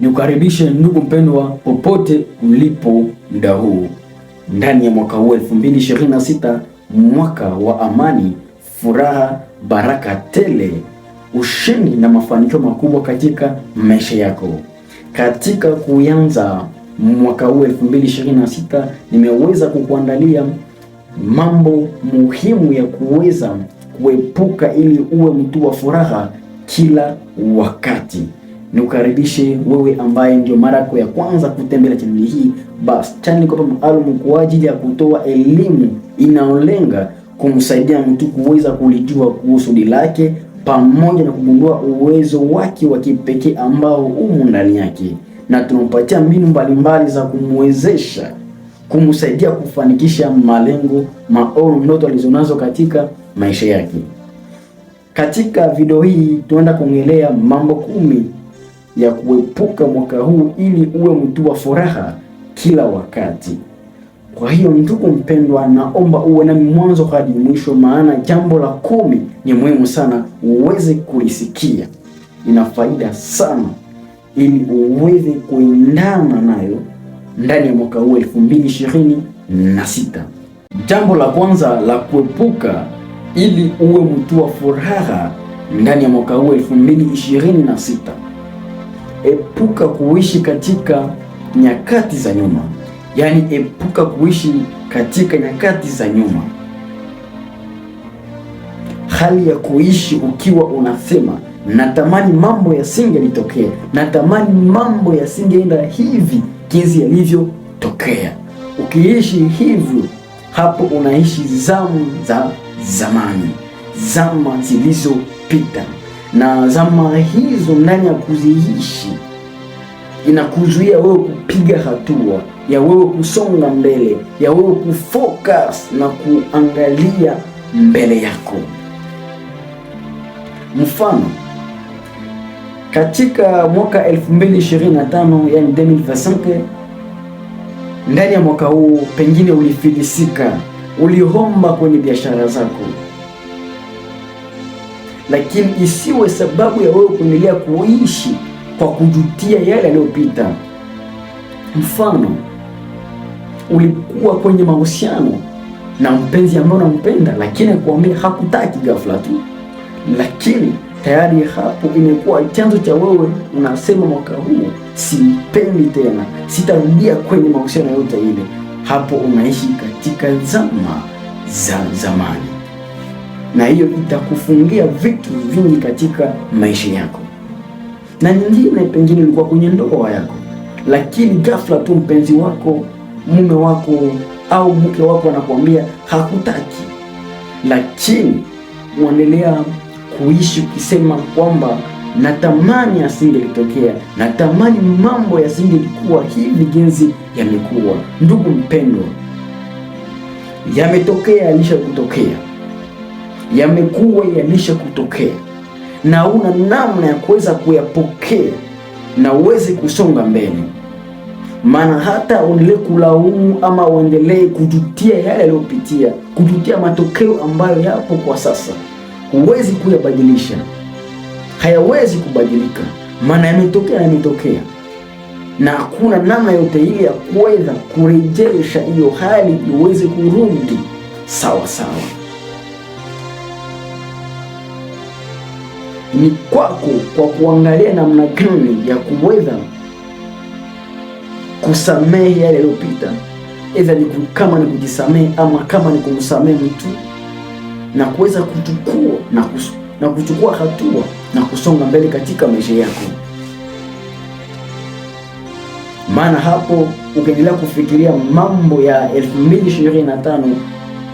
ni ndugu mpendwa, popote ulipo muda huu ndani ya mwaka huu 2026, mwaka wa amani, furaha, baraka tele, ushindi na mafanikio makubwa katika maisha yako. Katika kuanza mwaka huu 2026, nimeweza kukuandalia mambo muhimu ya kuweza kuepuka ili uwe mtu wa furaha kila wakati ni kukaribishe wewe ambaye ndio mara yako ya kwanza kutembelea chaneli hii. Basi chaneli kwa maalum kwa ajili ya kutoa elimu inayolenga kumsaidia mtu kuweza kulijua kusudi lake pamoja na kugundua uwezo wake wa kipekee ambao umo ndani yake, na tunampatia mbinu mbalimbali za kumwezesha kumsaidia kufanikisha malengo, maono, ndoto alizonazo katika maisha yake. Katika video hii tunaenda kuongelea mambo kumi ya kuepuka mwaka huu ili uwe mtu wa furaha kila wakati. Kwa hiyo ndugu mpendwa, naomba uwe nami mwanzo hadi mwisho, maana jambo la kumi ni muhimu sana uweze kulisikia, ina faida sana, ili uweze kuendana nayo ndani ya mwaka huu elfu mbili ishirini na sita. Jambo la kwanza la kuepuka ili uwe mtu wa furaha ndani ya mwaka huu elfu mbili ishirini na sita epuka kuishi katika nyakati za nyuma, yaani epuka kuishi katika nyakati za nyuma, hali ya kuishi ukiwa unasema natamani mambo yasingelitokea, natamani mambo yasingeenda hivi jinsi yalivyotokea. Ukiishi hivyo, hapo unaishi zamu za zamani, zama zilizopita na zama hizo ndani ya kuziishi inakuzuia wewe kupiga hatua ya wewe kusonga mbele ya wewe kufocus na kuangalia mbele yako. Mfano, katika mwaka 2025 yani 2025, ndani ya mwaka huu pengine ulifilisika, uliomba kwenye biashara zako lakini isiwe sababu ya wewe kuendelea kuishi kwa kujutia yale yaliyopita. Mfano, ulikuwa kwenye mahusiano na mpenzi ambaye unampenda, lakini akuambia hakutaki ghafla tu, lakini tayari hapo imekuwa chanzo cha wewe unasema, mwaka huu simpendi tena, sitarudia kwenye mahusiano yote ile. Hapo unaishi katika zama za zamani na hiyo itakufungia vitu vingi katika maisha yako, na nyingine pengine ilikuwa kwenye ndoa yako, lakini ghafla tu mpenzi wako, mume wako au mke wako anakuambia hakutaki, lakini mwendelea kuishi ukisema kwamba natamani asingelitokea, natamani mambo yasingelikuwa hivi jinsi yamekuwa. Ndugu mpendwa, yametokea, yalisha kutokea yamekuwa yalisha kutokea na una namna ya kuweza kuyapokea na uweze kusonga mbele, maana hata uendelee kulaumu ama uendelee kujutia yale yaliyopitia, kujutia matokeo ambayo yapo kwa sasa, huwezi kuyabadilisha, hayawezi kubadilika, maana yametokea na yametokea, na hakuna namna yote ile ya kuweza kurejesha hiyo hali iweze kurudi sawa sawa. ni kwako, kwa kuangalia namna gani ya kuweza kusamehe yale yaliyopita, aidha ni kama ni kujisamehe ama kama ni kumsamehe mtu na kuweza kuchukua na, kus, na kuchukua hatua na kusonga mbele katika maisha yako. Maana hapo ukiendelea kufikiria mambo ya 2025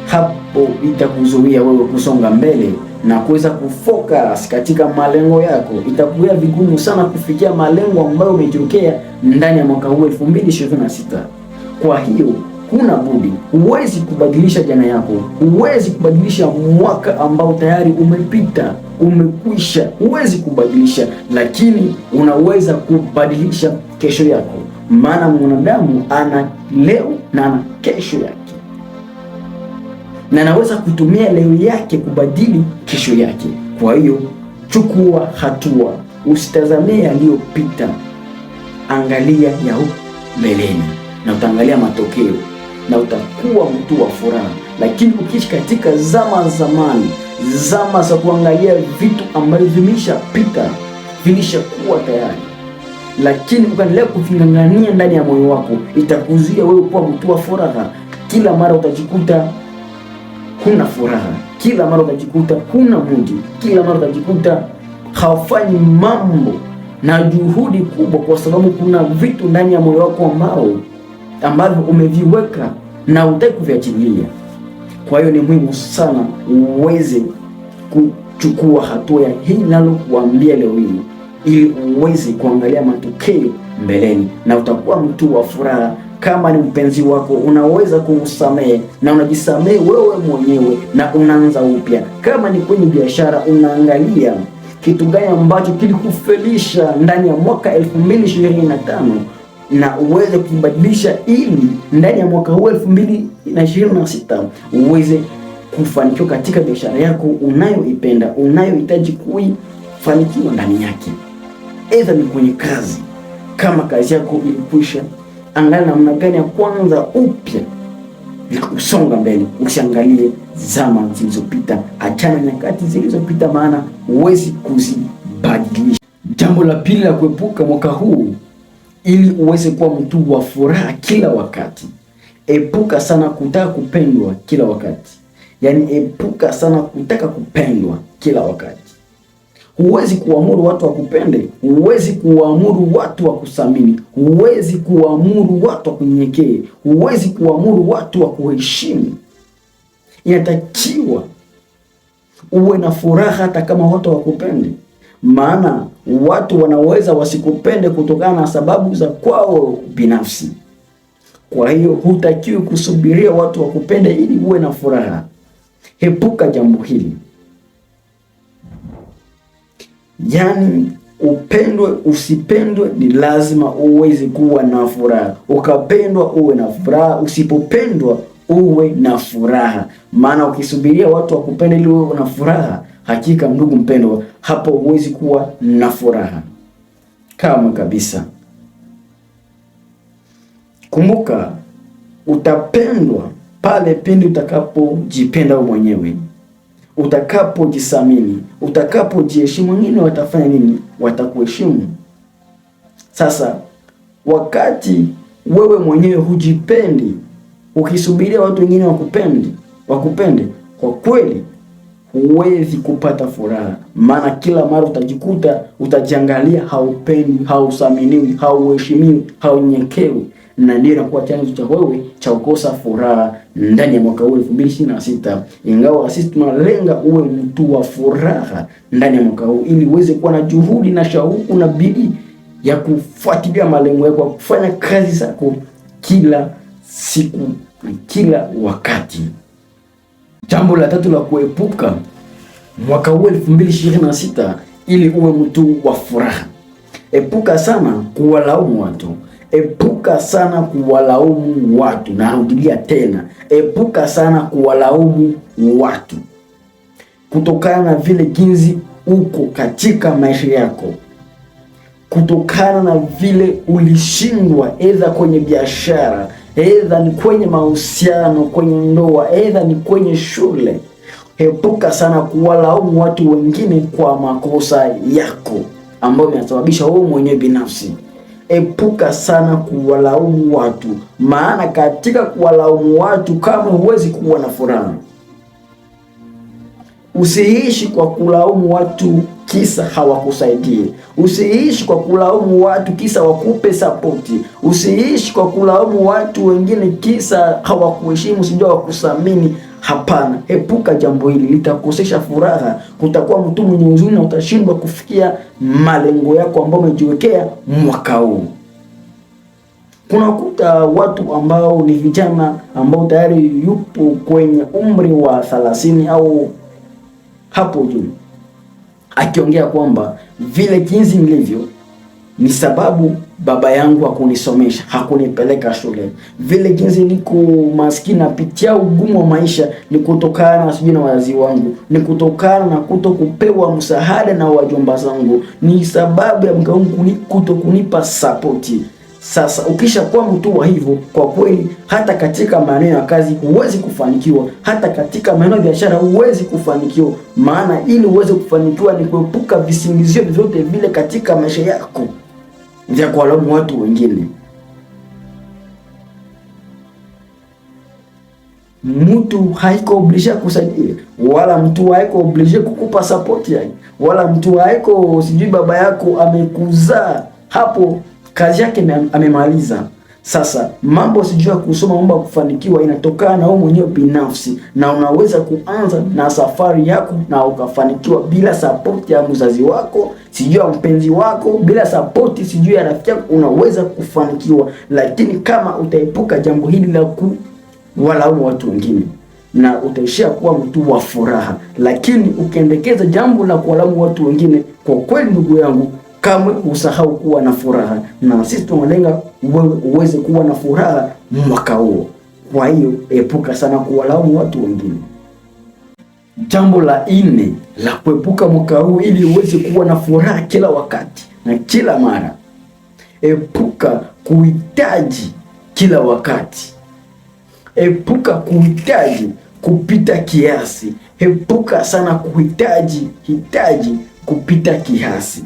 hapo itakuzuia wewe kusonga mbele na kuweza kufocus katika malengo yako, itakuwa vigumu sana kufikia malengo ambayo umejiwekea ndani ya mwaka huu 2026. Kwa hiyo kuna budi, huwezi kubadilisha jana yako, huwezi kubadilisha mwaka ambao tayari umepita, umekwisha, huwezi kubadilisha, lakini unaweza kubadilisha kesho yako, maana mwanadamu ana leo na ana kesho yake na anaweza kutumia leo yake kubadili kesho yake. Kwa hiyo chukua hatua, usitazamie yaliyopita, angalia ya huko mbeleni na utaangalia matokeo na utakuwa mtu wa furaha. Lakini ukiishi katika zama zamani, zama za kuangalia vitu ambavyo vimeshapita, vilishakuwa tayari, lakini ukaendelea kuving'ang'ania ndani ya moyo wako, itakuzuia wewe kuwa mtu wa furaha. Kila mara utajikuta huna furaha, kila mara utajikuta huna mudi, kila mara utajikuta hawafanyi mambo na juhudi kubwa, kwa sababu kuna vitu ndani ya moyo wako ambao ambavyo umeviweka na utaki kuviachilia. Kwa hiyo ni muhimu sana uweze kuchukua hatua ya hii nalokuambia leo hii, ili uweze kuangalia matokeo mbeleni na utakuwa mtu wa furaha kama ni mpenzi wako unaweza kuusamehe na unajisamehe wewe mwenyewe na unaanza upya. Kama ni kwenye biashara, unaangalia kitu gani ambacho kilikufelisha ndani ya mwaka 2025 na uweze kubadilisha ili ndani ya mwaka huu 2026 uweze kufanikiwa katika biashara yako unayoipenda unayohitaji kuifanikiwa ndani yake. Aidha ni kwenye kazi, kama kazi yako ilikwisha angalia namna gani ya kwanza upya kusonga mbele, usiangalie zama zilizopita, achana nyakati zilizopita, maana huwezi kuzibadilisha. Jambo la pili la kuepuka mwaka huu, ili uweze kuwa mtu wa furaha kila wakati, epuka sana kutaka kupendwa kila wakati, yaani epuka sana kutaka kupendwa kila wakati. Huwezi kuamuru watu wakupende, huwezi kuamuru watu wakuthamini, huwezi kuamuru watu wakunyenyekee, huwezi kuamuru watu wakuheshimu. Inatakiwa uwe na furaha hata kama watu wakupende, maana watu wanaweza wasikupende kutokana na sababu za kwao binafsi. Kwa hiyo hutakiwi kusubiria watu wakupende ili uwe na furaha. Hepuka jambo hili yani upendwe usipendwe, ni lazima uweze kuwa na furaha. Ukapendwa uwe na furaha, usipopendwa uwe na furaha, maana ukisubiria watu wakupende ili uwe na furaha, hakika ndugu mpendwa, hapo huwezi kuwa na furaha kamwe kabisa. Kumbuka, utapendwa pale pindi utakapojipenda wewe mwenyewe utakapojisamini, utakapojiheshimu, wengine watafanya nini? Watakuheshimu. Sasa wakati wewe mwenyewe hujipendi, ukisubiria watu wengine wakupendi wakupende, kwa kweli huwezi kupata furaha, maana kila mara utajikuta utajiangalia, haupendi, hausaminiwi, hauheshimiwi, haunyekewi na dira inakuwa chanzo cha wewe cha kukosa furaha ndani ya mwaka huu 2026, ingawa sisi tunalenga uwe mtu wa furaha ndani ya mwaka huu, ili uweze kuwa na juhudi na shauku na bidii ya kufuatilia malengo yako, kufanya kazi zako kila siku na kila wakati. Jambo la tatu la kuepuka mwaka huu 2026 ili uwe mtu wa furaha, epuka sana kuwalaumu watu Epuka sana kuwalaumu watu. Narudilia tena, epuka sana kuwalaumu watu kutokana na vile jinsi uko katika maisha yako, kutokana na vile ulishindwa, edha kwenye biashara, edha ni kwenye mahusiano, kwenye ndoa, edha ni kwenye shule. Epuka sana kuwalaumu watu wengine kwa makosa yako ambayo yanasababisha wewe mwenyewe binafsi epuka sana kuwalaumu watu, maana katika kuwalaumu watu kama huwezi kuwa na furaha. Usiishi kwa kulaumu watu kisa hawakusaidie. Usiishi kwa kulaumu watu kisa wakupe sapoti. Usiishi kwa kulaumu watu wengine kisa hawakuheshimu, sijua wakusamini. Hapana, epuka jambo hili, litakosesha furaha. Kutakuwa mtu mwenye huzuni na utashindwa kufikia malengo yako ambayo umejiwekea mwaka huu. Kuna kuta watu ambao ni vijana ambao tayari yupo kwenye umri wa thelathini au hapo juu, akiongea kwamba vile jinsi nilivyo ni sababu baba yangu hakunisomesha, hakunipeleka shule. Vile jinsi niko maskini, napitia ugumu wa maisha ni kutokana na sijui na wazazi wangu, ni kutokana na kuto kupewa msaada na wajomba zangu, ni sababu ya mke wangu kuto kunipa sapoti. Sasa ukishakuwa mtu wa hivyo, kwa kweli, hata katika maeneo ya kazi huwezi kufanikiwa, hata katika maeneo ya biashara huwezi kufanikiwa. Maana ili uweze kufanikiwa ni kuepuka visingizio vyovyote vile katika maisha yako vya kuwalaumu watu wengine. Mtu haiko oblige kusaidia, wala mtu haiko oblige kukupa support yake, wala mtu haiko sijui baba yako amekuzaa hapo, kazi yake amemaliza. Sasa mambo sijui ya kusoma mambo ya kufanikiwa inatokana na wewe mwenyewe binafsi, na unaweza kuanza na safari yako na ukafanikiwa bila sapoti ya mzazi wako, sijui ya mpenzi wako, bila sapoti sijui ya rafiki yako, unaweza kufanikiwa, lakini kama utaepuka jambo hili la kuwalaumu watu wengine na utaishia kuwa mtu wa furaha. Lakini ukiendekeza jambo la kuwalaumu watu wengine, kwa kweli ndugu yangu kamwe usahau kuwa na furaha, na sisi tunalenga wewe uweze kuwa na furaha mwaka huo. Kwa hiyo epuka sana kuwalaumu watu wengine. Jambo la nne la kuepuka mwaka huu ili uweze kuwa na furaha kila wakati na kila mara, epuka kuhitaji kila wakati, epuka kuhitaji kupita kiasi, epuka sana kuhitaji hitaji kupita kiasi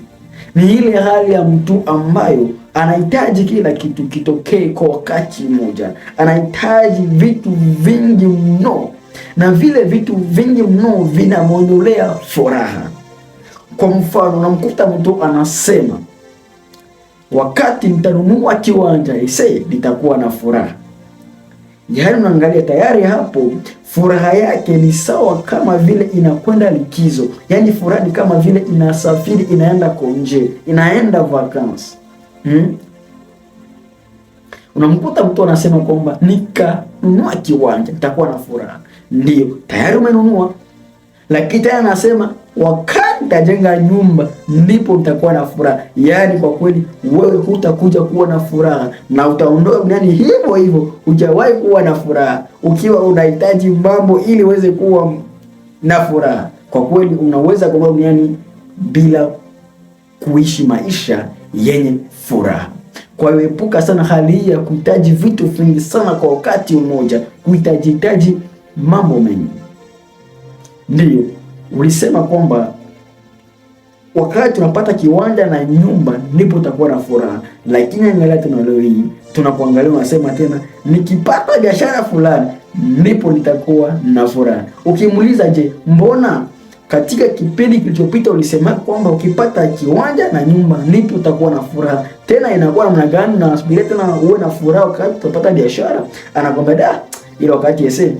ni ile hali ya mtu ambayo anahitaji kila kitu kitokee kwa wakati mmoja, anahitaji vitu vingi mno, na vile vitu vingi mno vinamwondolea furaha. Kwa mfano, namkuta mtu anasema wakati nitanunua kiwanja ise nitakuwa na furaha Yaani unaangalia tayari hapo furaha yake ni sawa kama vile inakwenda likizo, yaani furaha ni kama vile inasafiri inaenda konje, inaenda vacances hmm? Unamkuta mtu anasema kwamba nikanunua kiwanja nitakuwa na furaha. Ndio tayari umenunua, lakini tena anasema wakati utajenga nyumba, ndipo utakuwa na furaha. Yaani kwa kweli wewe hutakuja kuwa na furaha na utaondoa duniani hivyo hivyo, hujawahi kuwa na furaha, ukiwa unahitaji mambo ili uweze kuwa na furaha. Kwa kweli unaweza kuwa duniani bila kuishi maisha yenye furaha. Kwa hiyo epuka sana hali hii ya kuhitaji vitu vingi sana kwa wakati mmoja, kuhitajihitaji mambo mengi. Ndiyo ulisema kwamba Wakati tunapata kiwanja na nyumba, ndipo tutakuwa na furaha. Lakini angalia tuna leo hii tunakuangalia, unasema tena, nikipata biashara fulani ndipo nitakuwa na furaha. Ukimuuliza, je, mbona katika kipindi kilichopita ulisema kwamba ukipata kiwanja na nyumba ndipo utakuwa na furaha, tena inakuwa namna gani? Na nasubiria tena uwe na furaha wakati utapata biashara? Anakwambia da, ile wakati ese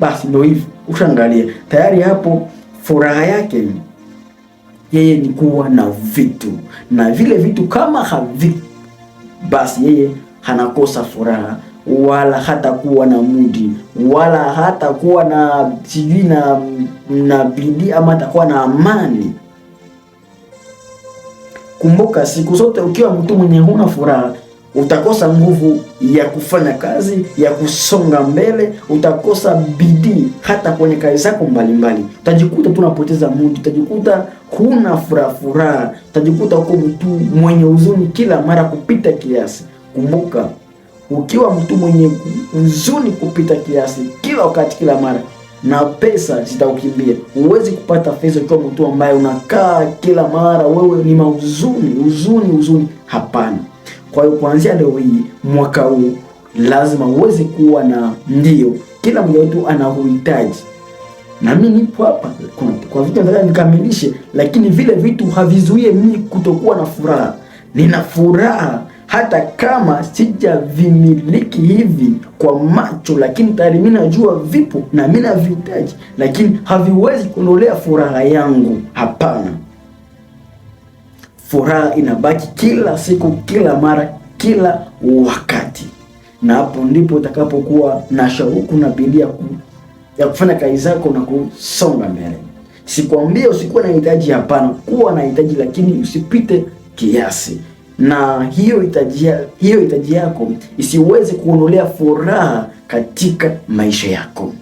basi, ndio hivyo. Ushangalie tayari hapo furaha yake yeye ni kuwa na vitu, na vile vitu kama havi, basi yeye hanakosa furaha wala hata kuwa na mudi wala hata kuwa na sijui na, na bidii ama atakuwa na amani. Kumbuka siku zote ukiwa mtu mwenye huna furaha utakosa nguvu ya kufanya kazi ya kusonga mbele, utakosa bidii hata kwenye kazi zako mbalimbali. Utajikuta tu unapoteza mudi, utajikuta huna furaha furaha, utajikuta uko mtu mwenye huzuni kila mara kupita kiasi. Kumbuka, ukiwa mtu mwenye huzuni kupita kiasi kila wakati, kila mara na pesa zitakukimbia. Huwezi kupata pesa ukiwa mtu ambaye unakaa kila mara wewe ni mahuzuni, huzuni, huzuni. Hapana. Kwa hiyo kuanzia leo hii, mwaka huu, lazima uweze kuwa na ndio. Kila mmoja wetu anauhitaji, na mimi nipo hapa kwa vitu nataka nikamilishe, lakini vile vitu havizuie mimi kutokuwa na furaha. Nina furaha hata kama sijavimiliki hivi kwa macho, lakini tayari mimi najua vipo na mimi navihitaji, lakini haviwezi kuondolea furaha yangu. Hapana furaha inabaki kila siku, kila mara, kila wakati, na hapo ndipo utakapokuwa na shauku na bidii ya kufanya kazi zako na kusonga mbele. sikuambia usikuwa na hitaji, hapana. Kuwa na hitaji, lakini usipite kiasi, na hiyo hitaji hiyo hitaji yako isiweze kuondolea furaha katika maisha yako.